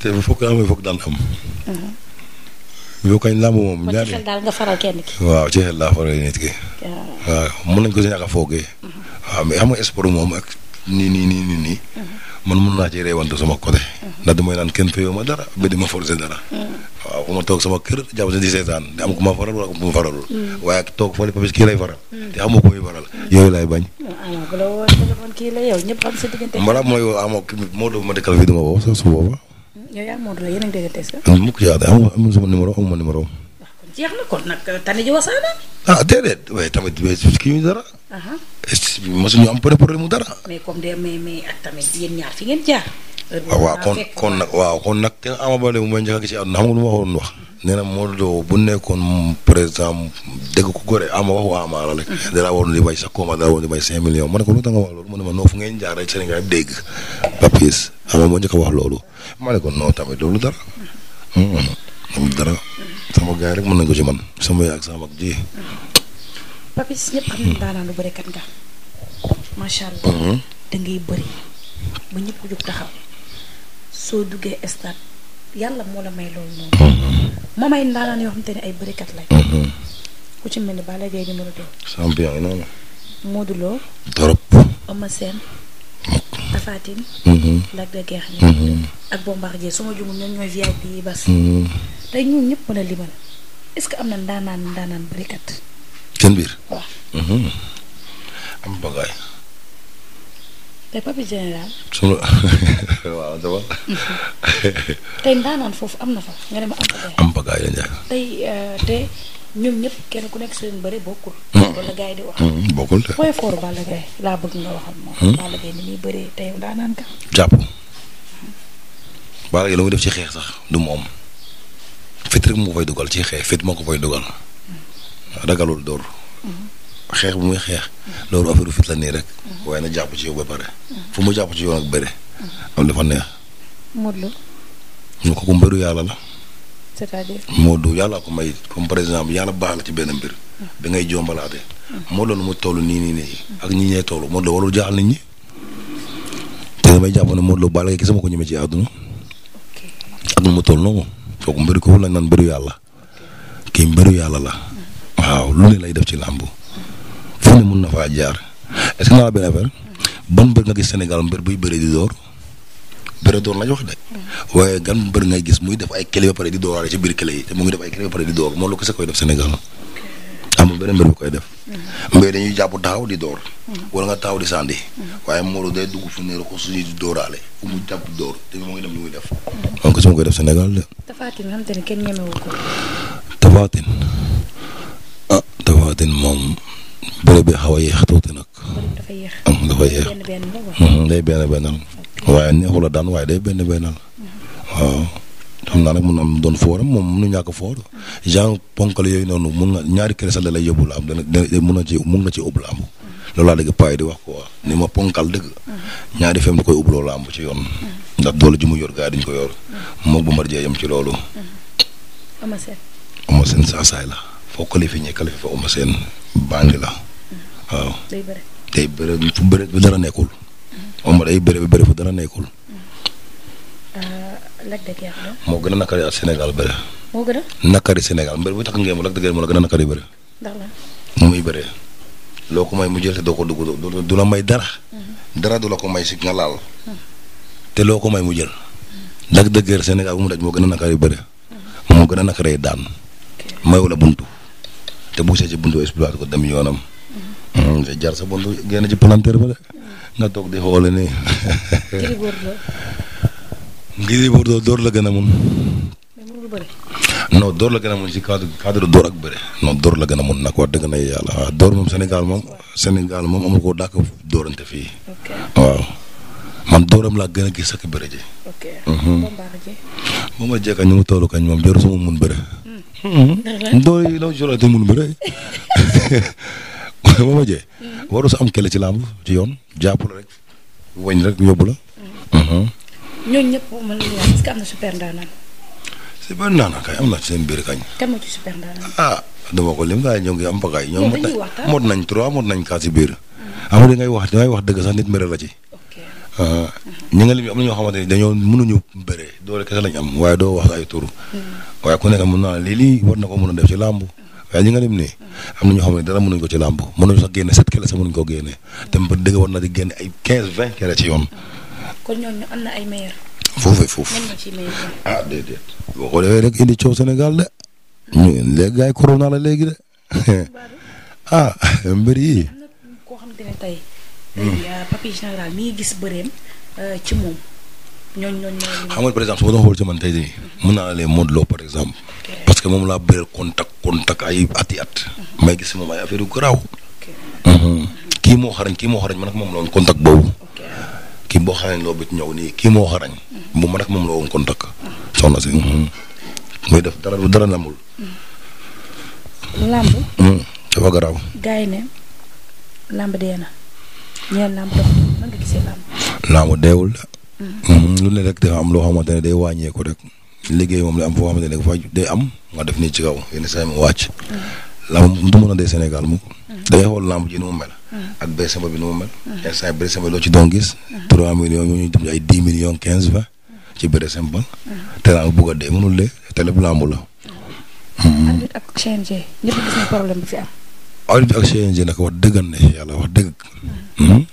te foog nga amee foog daan am. Uh-huh. yow kañ làmb moom. ñaari xel daal nga faral kenn ki. waaw ci xel laa faral nit ki. Uh-huh. waaw mën nañ ko si ñàkk a foogee. Uh-huh. waaw mais xam nga sport moom ak nii nii nii. man mun naa ci reewante sama côté. ndax damay naan kenn fayoo ma dara ba di ma forcer dara. waaw toog sama kër jàpp si di seetaan di am ku ma faral wala ku waaye ak toog fële parce kii lay faral. te am ko muy faral yooyu laay bañ. waaw bu la woo téléphone kii la ma mooy amoo kii Modou ma dëkkal su booba. yow yaa Modou la yéen a ngi déggante sax. ah déedéet waaye tamit kii ñu dara. Uh-huh. mosuñu am problème mu dara. Ah, waaw kon kon nag waaw kon nag kenn Ama Baldé mu may njëkk a gis àdduna xam nga lu ma waroon wax. nee na Modou Lo bu exemple dégg ko gore ama wax waa Ama la rek. Mm-hmm. dara waroon di bay sax combat dara waroon di bay cinq millions ma ne ko lu tax nga wax loolu tamit loolu dara. Mm-hmm. Mm-hmm. amul dara sama gars rek mën na ko ci man sama yaay sama mag Papis ñëpp xam nañu lu bëri nga. macha allah. Mm-hmm. bëri ba ñëpp jóg taxaw soo duggee stade yàlla moo la may loolu noonu. moo mm-hmm. may ndaanaan yoo xamante ne ay bërikat lay mm-hmm. ku ci mel ni Balla Gaye numéro 2. champion yi noonu. Modou Lo. torop. Eumeu Sène. Tapha Tine. Lac de Guiers. ak bombardier su ma jumul ñooy VIP yi bas. Hmm. tey ñun ñëpp mën a limal est am na ndaanaan ndaanaan bërikat. seen biir. waaw. Hmm. am bagaay. waaw dama. tey ndaanaan foofu am na fa nga ne ma am bagaay. am bagaay la njaay. tey euh, te ñoom ñëpp kenn ku nekk seen bëri bokkul. wala hmm. gars yi di wax. bokkul te. fooy for Balla nga waxal moom. Balla Gaye ni muy ka. jàpp. Balla Gaye lu def ci xeex sax du moom fit rek moo fay dugal ci xeex fit moo ko fay dugal ragalul dóor xeex bu muy xeex loolu affaire fit la nii rek waaye na jàpp ci yow ba pare fu mu jàpp ci yow nag bëre dafa neex Modou ko mbëru yàlla la cest à ko may comme par exemple yàlla baax la ci benn mbir bi ngay jombalaate Modou Lo mu toll nii nii nii ak ñi ñee toll Modou Lo warul jaaxal nit ñi te damay jàpp ne Modou Lo Balla Gaye gisuma ko ñeme ci àdduna at mu toll noonu kooku mbëri ko lañ naan mbëru yàlla kii mbëru yàlla la waaw lu ne lay def ci làmb fu ne mun na faa jaar est-ce que naa la benn affaire ban mbër nga gis Sénégal mbër buy bëri di door bëri door lañ wax de waaye gan mbër ngay gis muy def ay clé ba pare di dooraale ci biir clé yi te mu ngi def ay clé ba pare di door moom la ko koy def Sénégal. amul benn mbir bu koy def. Mm-hmm. mbéy dañuy jàpp taxaw di door. Mm-hmm. wala nga taxaw di sànni. Mm-hmm. waaye moo day dugg fu ne ko suñuy dooraale ku mu jàpp door def. donc su ma koy def Sénégal de. Tapha ah, moom bëre bi xaw a yéex tuuti nag. dafa yéex dafa day benn benn. waaye neexul daan waaye day benn benn waaw. xam naa nag mun na am doon fooram moom mënu ñàkk foor genre ponkal yooyu noonu mun na ñaari keresaat la lay yóbbu la am dana mun na ci mun na ci ubbi la am loolu laa dëgg paay di wax quoi ni ma ponkal dëgg ñaari fem di koy ubbi loolu la am ci yoon ndax doole ji mu yor gaa diñ ko yor moog bu marjee yam ci loolu Eumeu Sène saasaay la foo qualifié ñee qualifié fa Eumeu Sène bandi la day bëre bëre nekkul Eumeu day bëre bi bëre dara nekkul moo gën a nakari ak Sénégal bëre. moo gën a. nakari Sénégal mbër bu tax ngeen Lac la gën a nakari bëre. ndax la muy bëre loo ko may mu jël te doo ko dugg du la may dara. Mm-hmm. dara du la ko may si nga laal. Mm-hmm. te loo ko may mu jël. Lac de Guiers Sénégal bu mu daj moo gën a nakari bëre. Mm-hmm. moo gën a nakaree daan. mayu buntu. te bu see ci buntu exploité ko dem mm, jar sa buntu génn ci palanteer ba de. nga toog di xoole nii. Gris Bordeaux dóor la gën a mun. non door la gën a mun si cadre door ak bëre. non dóor la gën a mun nag wax dëgg na yàlla waaw dóor moom senegal moom Sénégal moom amul ko dàkk dóorante fii. waaw man dóoram laa gën a gis ak bëre ji. ok mhm. moom la jéeg ñu mu toll moom jarul sama mun bëre. Mhm. dóor yi la jëloon te mun bëre. moom la jéeg. Mhm. waru am kele ci làmb ci yoon jàpp la rek. wëñ rek yóbbu ñooñu ñëpp man la ñu wax est-ce que am na kay am na ci seen biir kañ. kan moo ci super ah, lim daal ñoo ngi am pagaay. ñoom dañuy nañ trois mot nañ quatre ci biir. amul li ngay wax dangay wax dëgg sax nit mere la ci. Ah, ñi nga lim am na ñoo xamante ni dañoo mënuñu bëree doole kese lañ am waaye doo wax ay tur. Hmm. waaye ku nekk mën naa lii lii war na ko mën a def ci làmb. waaye ñi nga lim nii hmm. am na ñoo xam ne dara mënuñ ko ci làmb mënuñ sax génne sept kele sax mënuñ ko génne. Hmm. te ba dëgg war na di génne ay quinze vingt kele ci yoon kon ñooñu am na ay maire. foofu foofu ah déedéet. boo ko defee rek indi coow Sénégal de. ñu léegi gars yi corona la léegi de. ah mbir yi. koo xamante ne tey. Hmm. Ah, papi général mi ngi gis bëreem euh, ci moom. ñooñu ñooñu xam nga par exemple su ma doon xool ci man tey jii. mën naa leen Modou Lo par exemple. parce que moom laa bëreel contact contact ay at i at. Mhm. may gis moom ay affaire yu garaaw. Mhm. kii moo xarañ kii moo xarañ man ak moom la woon contact boobu. boo xamee loo bëgg ñëw nii kii moo xarañ. Mm-hmm. bu ma nag moom la woon kon takk. si. Mm-hmm. muy def dara lu dara namul. Mm-hmm. lamb. dafa garaaw. gars yi ne deewul. lu ne rek dafa am loo xamante ne day wàññeeku rek liggéey moom la am foo xamante ne day am nga def nii ci kaw yenn saa yi mu wàcc. lamb mu mën a dee Sénégal mu mm. da xool lamb ji nu mu mel. Mm. ak bëri samba bi nu mu mel. Mm. instant bëri samba loo ci doon gis. 3 millions ñu ñu dem ay 10 ci bëri samba. te lamb bugg a dee mënul dee te lépp lamb la. ak CNG ñëpp wax dëggan ne yàlla wax dëgg. Mm-hmm.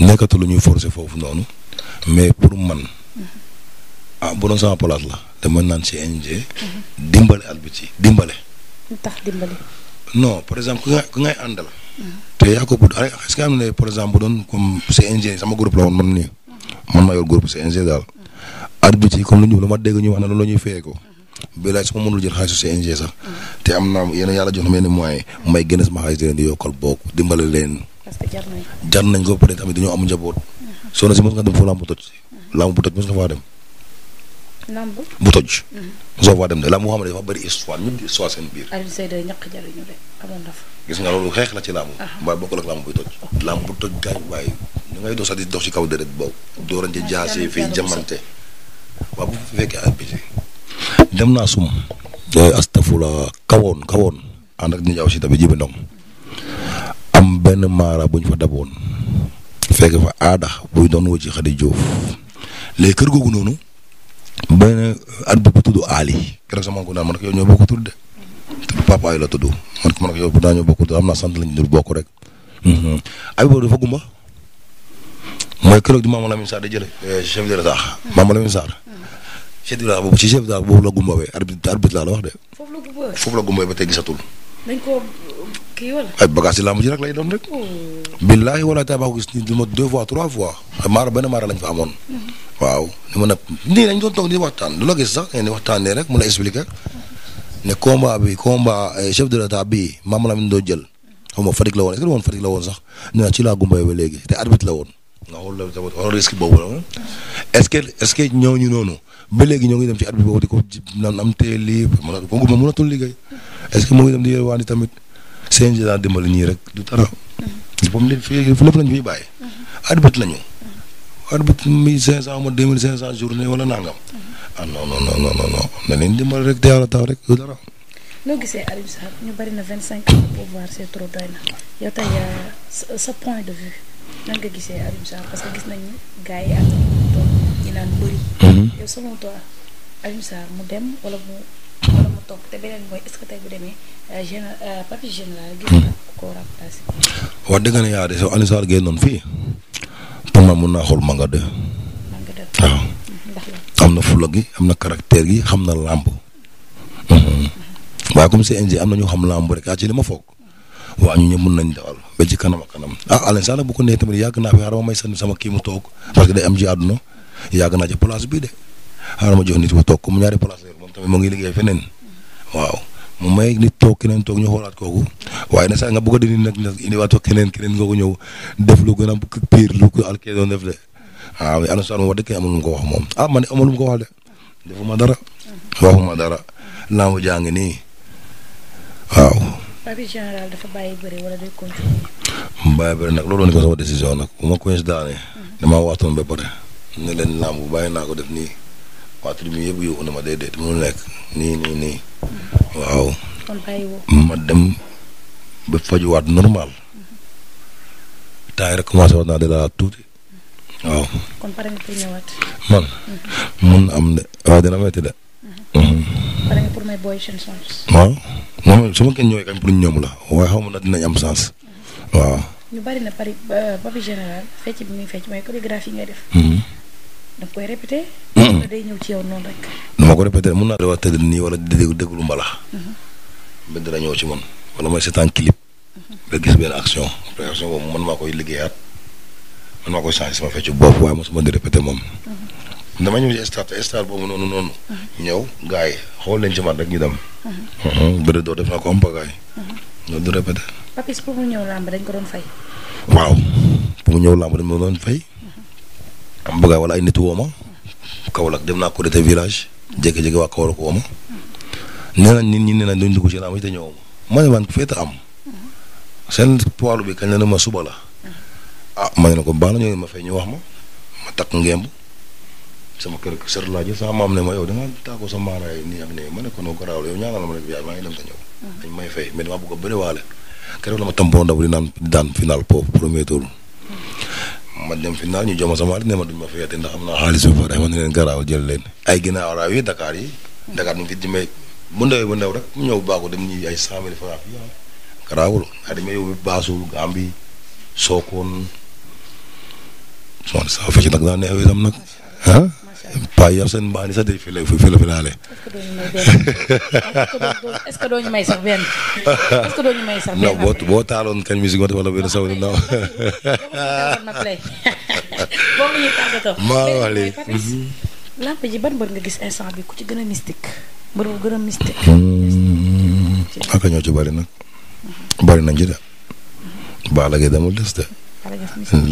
nekkatu lu ñuy forcer foofu noonu mais pour man. Mm-hmm. ah bu doon sama place la dama naan CNG. Mm-hmm. dimbale arbitre yi dimbale. no tax par exemple ku ngay ngay àndal. te yaa ko bëgg est-ce am na par exemple bu doon comme CNG sama groupe la woon man nii. man maa yor groupe CNG daal. arbitre yi comme lu ñu lu ma dégg ñu wax na loolu la ñuy fayee ko. bii laaj su ma mënul jël xaalisu CNG sax. te am naa yéen yàlla jox na yenn moyens may génn sama xaalis di leen di yokkal bokk dimbale leen. parce que jar nañ ko. jar nañ ko peut-être tamit dañoo am njaboot. soo na si mos nga dem foofu làmb bu toj. làmb toj mos nga faa dem. bu toj. Mhm. soo faa dem ne dafa bëri gis nga loolu xeex la ci làmb. mbaa bokkul ak làmb bu toj gaañ waaye ñu dox sax ci kaw deret boobu. doorante jaase fii jamante waaw bu fekkee at dem naa sum. astafula kawoon kawoon ànd ak nijaw si tamit jibi ndong am benn maara bu ñu fa daboon. fekk fa aada buy doon woo ci Xadi Joof kër googu noonu. benn at bu tudd Ali. keroog sama ko naan man ko yow ñoo de. papa yi la tudd man man ko yow bu daan bokk tur am naa sant lañu bokk rek. Habib mhm. boobu dafa gumba. mooy keroog di Maama Lamine Sarr di jëlee. Eh, chef de l'État. Maama Lamine Sarr. Mhm. chef la gumba be arbitre la wax de. foofu la ba tey gisatul. dañ ko kii wala. ay bagages yi làmb ji rek lay doon rek. Oh. billaahi wala tabax gis ni du ma deux fois trois fois. maara benn maara lañ fa amoon. Mhm. waaw ni mën a nii dañ doon toog di waxtaan lu la gis sax ngeen di waxtaanee rek mu a expliquer ne combat bi combat eh, chef de l'état bi Mame Lamine jël xaw ma Fatick la woon est-ce que woon Fatick la woon sax nee na ci laa gumbay ba léegi te arbitre la woon nga xool la tamit xool risque boobu la est-ce que est noonu ba léegi ñoo ngi dem ci arbitre boobu di ko naan am teel lii mën a ko mënatul liggéey est-ce que moo ngi dem di yelwaani tamit CNG daa dimbali ñii rek du dara. comme mm-hmm. li fi lépp lañ fiy bàyyi. Mm-hmm. arbitre lañu. arbitre mi 500 ma 2500 journée wala nangam. Ah, rek te yàlla taw rek gisee ñu bari na 25 ans pouvoir c'est trop doy na yow tey euh, sa gisee Alioune Sarr parce que gis mhm. mu dem wala mu wala te beneen mooy est tey bu demee euh, gén euh, papier général gis ko ko remplacé. wax dëgg ne yaa de soo Alioune Sarr génnoon fii. man maa mun naa xool Manga 2. waaw. am na fula gi am na caractère gi xam na làmb. Mhm. waaye comme CNG am na ñu xam làmb rek ah ci li ma foog. waaw ñu ñëpp mun nañ dawal ba ci kanam ak kanam ah Alioune Sall bu ko nee tamit yàgg naa fi xaaral ma may sànni sama kii mu toog parce que day am ci àdduna yàgg naa ci place bii de xaaral ma jox nit bu toog comme ñaari place moom tamit mu ngi liggéey feneen waaw. mu may nit toog keneen toog ñu xoolaat kooku waaye na sax nga bëgg a dindi nag indiwaat toog keneen keneen nga ñëw def lu gën a pire lu ko alkee doon def de waaw ana soxna wax dëgg amul moom ah man amul mu ko wax de defuma dara waxuma dara laa ma jàng nii waaw. Papi nag loolu woon ko sama décision nag bu ma ko daanee. Mm-hmm. damaa ba leen làmb bàyyi naa ko def nii. waa tur bi yëpp yóbbu na ma déedéet mu nekk nii nii nii waaw. ma dem ba fajuwaat normal. temps rek commencé waat naa dalaat tuuti. waaw. man. Mhm. mun na am de waaye dina metti de. Mhm. Mhm. pare nga pour may waaw su ma kenn ñëwee kañ pour ñoom la waaye xaw ma na dinañ am sens. waaw. daf koy répété. day ñëw ci yow noonu mm-hmm. ci man wala mooy seetaan clip. Mm-hmm. nga gis benn action action mm-hmm. dama ñëw ci stade stade boobu noonu noonu. ñëw gars xool leen ci man rek ñu dem. bëri doo def naa ko am pagaay. loolu du répété. Papis pour mu ñëw làmb dañ ko doon fay. waaw pour mu ñëw làmb dañ ko doon fay. am bëgg wala ay nit woo ma Kaolack dem naa Korité village jékki-jékki waa Kaolack woo ma nee nañ nit ñi nee nañ duñ dugg ci làmb ji te ñëw ma ne am seen poilu bi kañ la ma suba la ah ma ne ko baax na ñoo ma fay ñu wax ma ma takk ngemb sama kër sër laa jël sama maam ne ma yow da nga tàggoo sa maaraay nii ak nii ma ne ko noo garaaw yow ñaanal ma ne yaay maa ngi dem te ñëw. dañ may fay mais damaa bëgg a bëriwaale keroog la ma tampoon ndaw di naan daan final po premier tour. ma dem final ñu jox ma sama ne ma duñ ma fayati ndax am naa xaalis bu pare ma ne leen garaawul jël leen. ay ginnaaw raaw yi Dakar yi. Dakar mu ngi fi jëmee bu ndawee bu ndaw rek mu ñëw baaxu dem ñi ay cent mille francs yi ah. garaawul nga demee yow baasu Gàmbi Sokone. moo ne saa fecc nag daa neex itam nag ah. paa yar seen mbaani sa day fi la fi la finaale. est-ce may sax benn est-ce que doo ñu may sax benn. non boo boo taaloon kañ musique wala wala benn saw na naaw. boobu ñuy tàggatoo. maa wax léegi lamp ji hmm, ñoo ci bari nag. bari nañ ci de. Balla Gaye demul des de.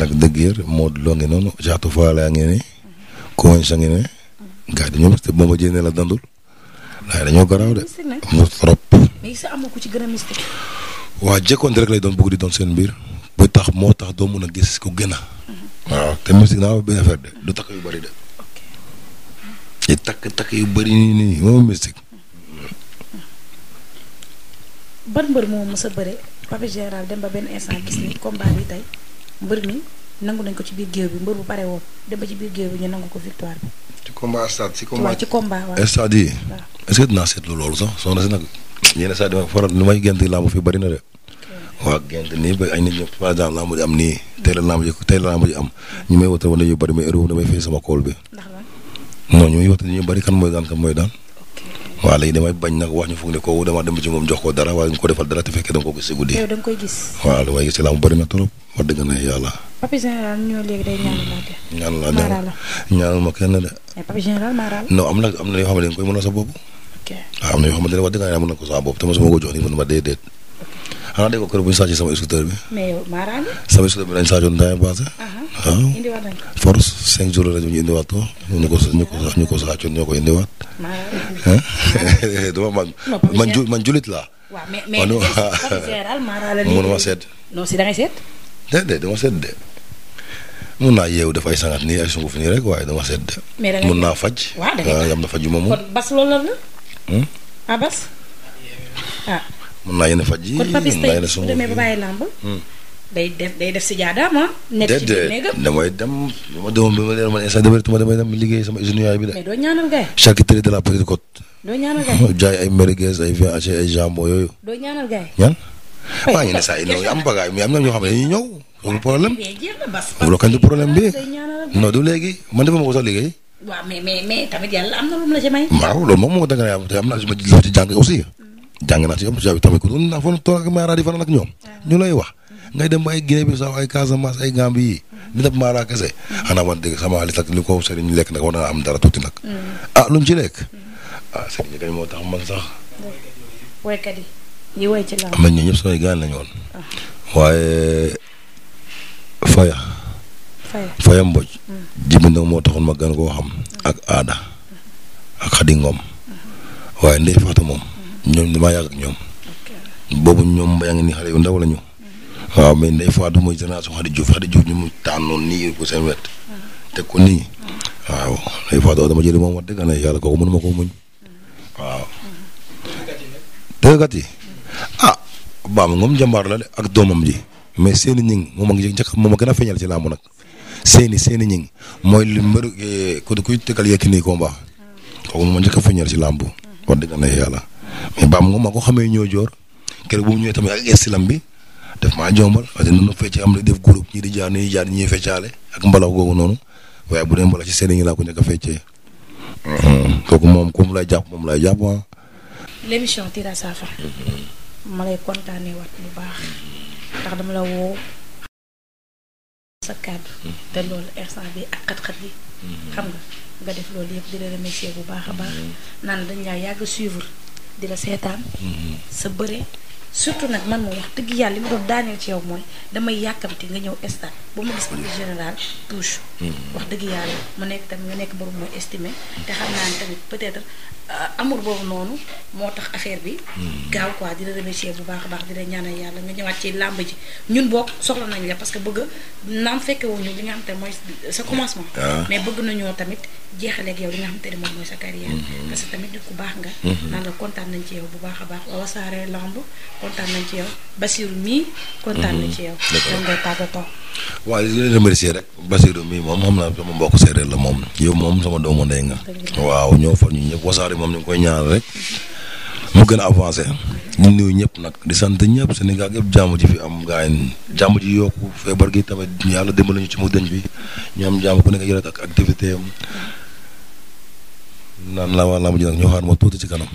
nag dëgg yër ngi noonu Jaatu Faala ngi nii. Koungheul sangi ne. gars yi ñoom te booba jëndee la dandul. waaye dañoo garaaw de. mu trop. mais am na ci gën a mystique. waa jekkoonte rek lay doon bëgg di doon seen mbir. ba tax moo tax doo mun a gis ku gën a. Mhm. waaw te mystique naa benn affaire de du takk yu bari de. di takk takk yu bari nii nii moom mystique. ban mbër moo mës a bëre Pape Général dem ba benn instant gis ni combat bi tey mbër mi. nangu nañ ko ci biir géew bi mbër bu pare woon dem ba ci biir géew bi ñu nangu ko victoire bi. ci combat ci combat ci combat waaw. yi est-ce que dinaa loolu sax soxna si nag ñenn stade yi ma faral li may gent làmb fi bari na de. waaw gént nii ba ay nit ñëpp par exemple làmb ji am nii tey la làmb ji tey la làmb ji am ñu may woote woon dañuy bëri may ma damay fay sama kool bi. ndax la non ñu may woote ñu bëri kan mooy daan kan mooy daan. waaw léegi damay bañ nag wax ñu foog ne ko dama dem ci moom jox ko dara waaye ñu ko defal dara te fekkee da nga ko gis si guddi. yow da nga koy gis. waaw lu may gis si laamu bëri na trop wax dëgg na yàlla. papi général ñoo léegi day ñaanal laa de. ñaanal laa de ñaanal ma kenn de. mais papi général maaraal. non am na am na yoo xam ne da nga koy mënal sa bopp. ok waaw am na yoo xamante ne wax dëgg yàlla mën na ko sa bopp te mosuma ko jox ni mën ma déedéet xanaa déggoo kër bu ñu sàcc sama scooter bi. mais yow maaraan sama scooter bi lañ sàccoon temps yii passé. ko. force cinq jours la ñu ñu indiwaat ko ñu ko ñu ko ñu man julit laa. mun naa yeewu def ay sangat nii ay sunguf nii rek waaye dama seet de. mais mun naa ah, faj. yam na faj yu moom. kon bas loolu la. Hmm? ah mën naa yéene faj yi mën naa yéene sama demee ba bàyyi làmb hmm. def def ah, dem ma demoon ba ma liggéey sama usine yaay bi de. mais doo de la Petite Côte. jaay ay merguez ay vin ay jambon yooyu. doo ñaanal gaay. ñaan waa ñu am bagaay mais am na ñoo xam ne dañuy ñëw. amul problème amul kañ problème bi non du léegi man defuma ko sax liggéey. waaw mais loolu moom moo tax nga ne am na lu ma ci jàng aussi. jàng naa ci ñoom jabi tamit ku doon naa fa toog ak maara fanaan ak ñoom ñu lay wax ngay dem ba ay Guinée Bissau ay Casamance ay Gambie yi di mm. sama ko sëriñ lekk nag war naa am dara mm. ah, ci lekk mm. ah sëriñ ñi moo tax man sax woykat yi ñi woy ci la man ñi ñëpp samay gaan lañu woon ah. waaye faya faya mboj jibi moo taxoon ma gën koo xam ak aada ak xadi ngoom mm-hmm. waaye ndey faatu moom ñoom damaa yàgg ak ñoom. boobu ñoom yaa ngi nii xale yu ndaw la ñu. waaw mais des fois mooy génération Khady Diouf Khady Diouf ñu mu nii bu seen wet. teg ko nii. waaw des fois dama jëli moom wax dëgg ko muñ. waaw. Ah, moom jàmbaar la de ak doomam ji mais seeni ñing moom ak njëkk moom a gën a ci làmb nag seeni seeni ñing mooy lu mbër eh, ku kuy tëkkal yekk nii kooku moom a njëkk ci làmb wax na yàlla mais Bam nga ma ko xamee ñoo joor keroog bu mu ñëwee tamit ak estilam bi def maa jombal parce def groupe ñii di jaar ñii jaar ñii ak mbalax googu noonu waaye bu dee mbalax ci seen ngi laa ko nekk a feccee hmm, kooku moom comme lay jàpp moom lay jàpp ah. l'émission tire à ma lay kontaanee waat bu baax ndax dama la woo. sa kàddu te loolu instant bi ak yi hmm. xam nga nga def loolu yëpp di la bu baax a baax hmm. naan dañ laa yàgg suivre dira la seetaan. Mm-hmm. sa bëre surtout nag man moom wax dëgg yàlla li ma doon daaneel ci yow mooy damay yàkkamti nga ñëw stade ba ma gis équipe générale hmm. wax dëgg yàlla mu nekk tamit nga nekk borom mooy estimé te xam naa tamit peut-être euh, amour boobu noonu moo tax affaire bi hmm. gaaw quoi di la remercier bu baax a baax di la ñaanal yàlla nga ñëwaat ci làmb ji ñun bokk soxla nañ la parce que bëgg naam fekke wuñu li nga xam te mooy sa commencement ah. mais bëgg nañoo tamit jeexale ak yow li nga xam te ne moom mooy sa hmm. parce que tamit nit ku baax nga naan la kontaan nañ ci yow bu baax a baax waa Wassare Lamb kontaan nañ ci yow Basirou mii. kontaan nañ mhm. rek Basirou mii moom xam naa sama mbokk séeréer la moom yow moom sama doomu ndey nga. waaw ñoo fa ñu ñëpp wasaare moom ñu ngi koy ñaar rek. mu gën a avancé ñu nuyu ñëpp nag di sant ñëpp Sénégal yëpp jàmm ji fi am gaa yi jàmm ji yokku feebar gi tamit yàlla dimbali ñu ci mu dëñ bi ñu am jàmm ku nekk yore ak activité naan laa waa laa mujj nag ñu xaar ma tuuti ci kanam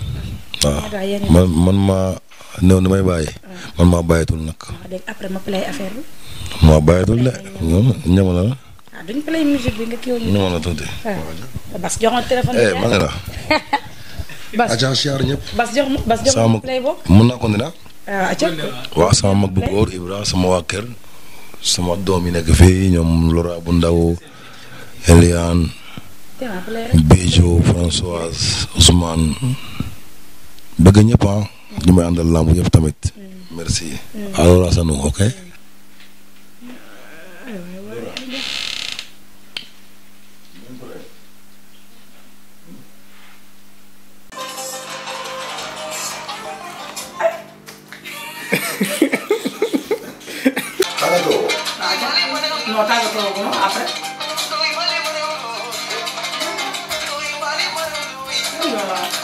waaw man maa néew ni may bàyyi. man maa bàyyitul nag. waaw ah, léegi après ma de ñama na la. ah duñ play musique bi tuuti. Ah. bas joxoon téléphone. Eh, ma ne la. bas agent sama mag bu góor sama waa kër doom yi nekk fii ñoom Lora bu ndaw Eliane Béjo Françoise Ousmane bëgg ah. ñi may àndal làmb yëpp tamit. Mm. merci. Mm. alors Assane ok.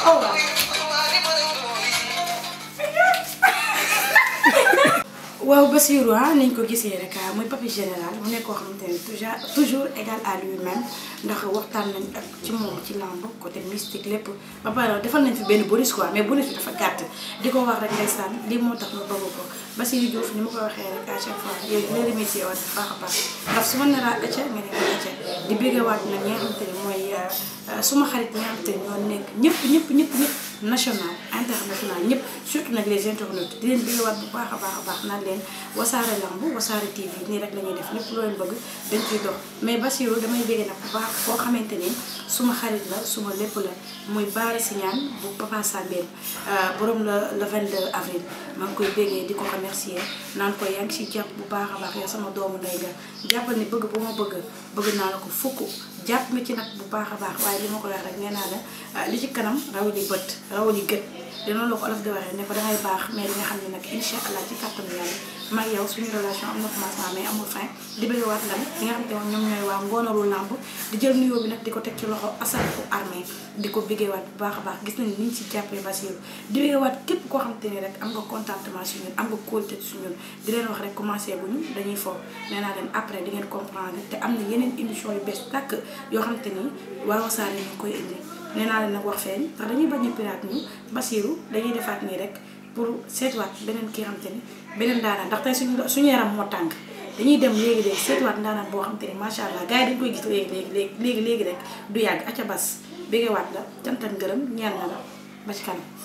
Oh, waaw Bassirou ah ni ñu ko gisee rek ah, muy papi général mu nekk koo xamante ne toujours toujours égal à lui-même ndax waxtaan nañ ak ci moom ci lamb côté mystique lépp ba pare defal nañ fi benn bonus quoi mais bonus bi dafa gàtt di ko wax rek ndeysaan lii moo tax ma bëgg ko Bassirou Diouf ni ma ko waxee rek à chaque fois yow dina remercier a baax ndax su ma nee laa ëcc nga ne ëcc di béggewaat nag ñi nga ne mooy euh, euh, suma xarit ñi nga ne ñoo nekk ñëpp ñëpp ñëpp national international ñëpp surtout nag les internautes di leen bëgg bu baax a baax a baax naan leen wasaare lamb wasaare TV nii rek la def lépp loo leen bëgg dañ ciy dox mais Bassirou damay bëgg baax koo xamante ne suma xarit la suma lépp la muy Baara Signane bu Papa euh, borom la le 22 avril maa ngi koy bëggee di ko remercier naan ko yaa ngi ciy jàpp bu baax a baax yow sama doomu ndey nga jàppal ni bëgg bu ma bëgg bëgg naa la ko fukk jàpp na ci nag bu baax a baax waaye li ma ko wax rek nee naa ah, li ci kanam rawali bët rawali gët dina la ko olof di waxee ne ko dangay baax mais li nga xam ne nag incha allah ci kàttanu yàlla mag yow suñu relation am na commencement di bëgg waat lan li nga xam te ñoom ñooy waa ngoonaru làmb di jël nuyoo bi nag di ko teg ci loxo asal bu armée di ko bëggee waat bu baax a baax gis nañ ni ñu waat képp koo xam te rek am nga contentement si di leen wax rek commencé bu ñu dañuy foog nee naa leen après di ngeen comprendre te am na yeneen émission yu bees tàkk yoo xam ni waa Wassare ñu koy indi nee naa leen nag wax feeñ ndax dañuy bañ a piraat dañuy defaat nii rek pour seetwaat beneen kii xam te ni beneen ndaanaan ndax su suñu suñu yaram moo tàng dañuy dem léegi-léegi seetiwaat ndaanaan boo xam te ne macha allah gars yi dañ koy gis léegi léegi léegi léegi du yàgg acca bas bégewaat la cant ak ngërëm ñaan na la ba ci